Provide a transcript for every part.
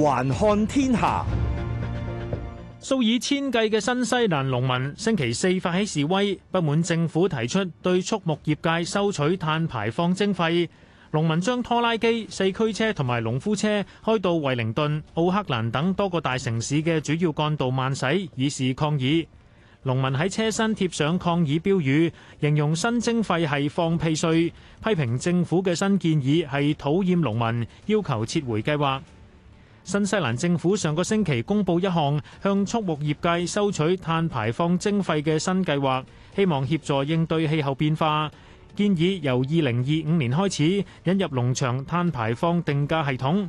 環看天下，數以千計嘅新西蘭農民星期四發起示威，不滿政府提出對畜牧業界收取碳排放徵費。農民將拖拉機、四驅車同埋農夫車開到惠靈頓、奧克蘭等多個大城市嘅主要幹道慢駛，以示抗議。農民喺車身貼上抗議標語，形容新徵費係放屁稅，批評政府嘅新建議係討厭農民，要求撤回計劃。新西蘭政府上個星期公布一項向畜牧業界收取碳排放徵費嘅新計劃，希望協助應對氣候變化。建議由二零二五年開始引入農場碳排放定價系統，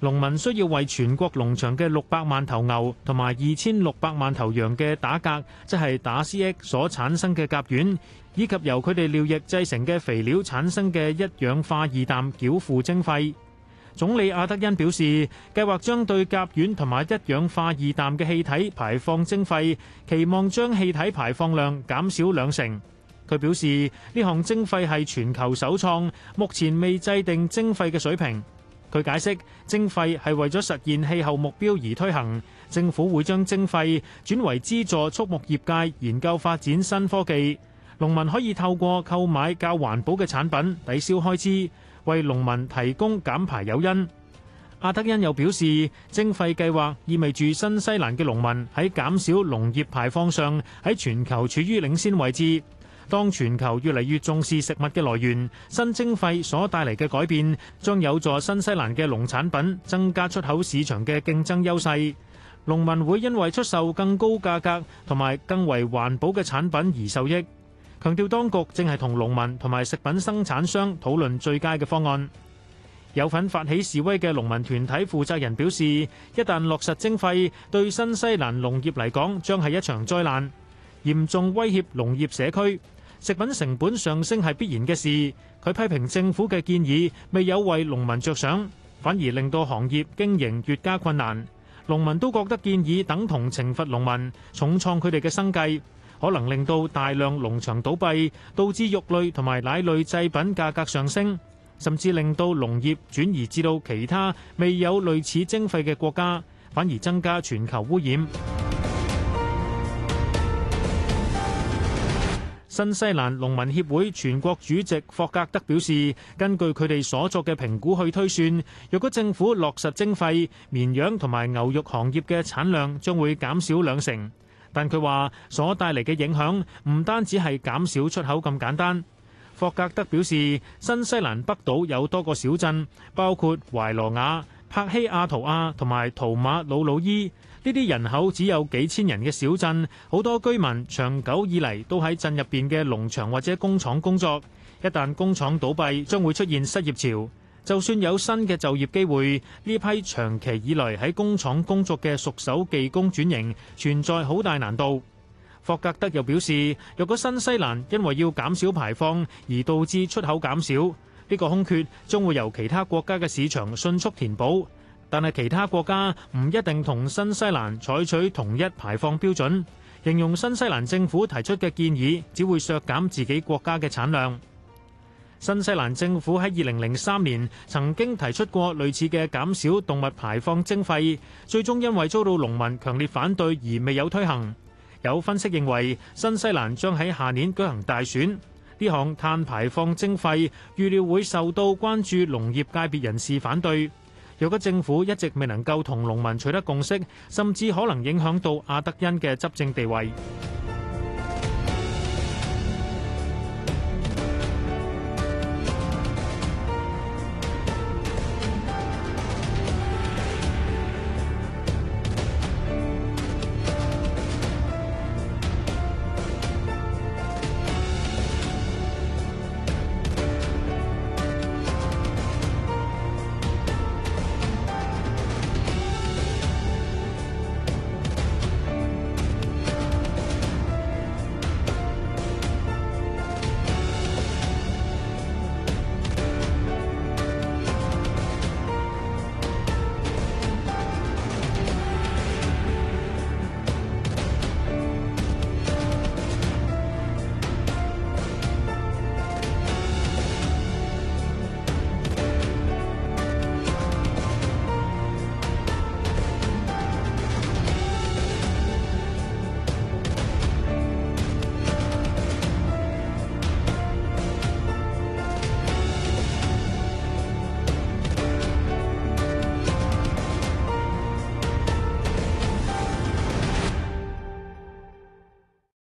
農民需要為全國農場嘅六百萬頭牛同埋二千六百萬頭羊嘅打嗝，即係打思噎所產生嘅甲烷，以及由佢哋尿液製成嘅肥料產生嘅一氧化二氮繳付徵費。總理阿德恩表示，計劃將對甲烷同埋一氧化二氮嘅氣體排放徵費，期望將氣體排放量減少兩成。佢表示，呢項徵費係全球首創，目前未制定徵費嘅水平。佢解釋，徵費係為咗實現氣候目標而推行，政府會將徵費轉為資助畜牧業界研究發展新科技。農民可以透過購買較環保嘅產品抵消開支。為農民提供減排誘因，阿德恩又表示，徵費計劃意味住新西蘭嘅農民喺減少農業排放上喺全球處於領先位置。當全球越嚟越重視食物嘅來源，新徵費所帶嚟嘅改變將有助新西蘭嘅農產品增加出口市場嘅競爭優勢。農民會因為出售更高價格同埋更為環保嘅產品而受益。強調當局正係同農民同埋食品生產商討論最佳嘅方案。有份發起示威嘅農民團體負責人表示，一旦落實徵費，對新西蘭農業嚟講將係一場災難，嚴重威脅農業社區。食品成本上升係必然嘅事。佢批評政府嘅建議未有為農民着想，反而令到行業經營越加困難。農民都覺得建議等同懲罰農民，重創佢哋嘅生計。可能令到大量農場倒閉，導致肉類同埋奶類製品價格上升，甚至令到農業轉移至到其他未有類似徵費嘅國家，反而增加全球污染。 新西蘭農民協會全國主席霍格德表示，根據佢哋所作嘅評估去推算，若果政府落實徵費，綿羊同埋牛肉行業嘅產量將會減少兩成。但佢話所帶嚟嘅影響唔單止係減少出口咁簡單。霍格德表示，新西蘭北島有多個小鎮，包括懷羅亞、帕希亞圖亞同埋圖馬魯魯伊。呢啲人口只有幾千人嘅小鎮，好多居民長久以嚟都喺鎮入邊嘅農場或者工廠工作，一旦工廠倒閉，將會出現失業潮。就算有新嘅就業機會，呢批長期以來喺工廠工作嘅熟手技工轉型存在好大難度。霍格德又表示，若果新西蘭因為要減少排放而導致出口減少，呢個空缺將會由其他國家嘅市場迅速填補，但係其他國家唔一定同新西蘭採取同一排放標準，形容新西蘭政府提出嘅建議只會削減自己國家嘅產量。新西蘭政府喺二零零三年曾經提出過類似嘅減少動物排放徵費，最終因為遭到農民強烈反對而未有推行。有分析認為，新西蘭將喺下年舉行大選，呢項碳排放徵費預料會受到關注農業界別人士反對。若果政府一直未能夠同農民取得共識，甚至可能影響到阿德恩嘅執政地位。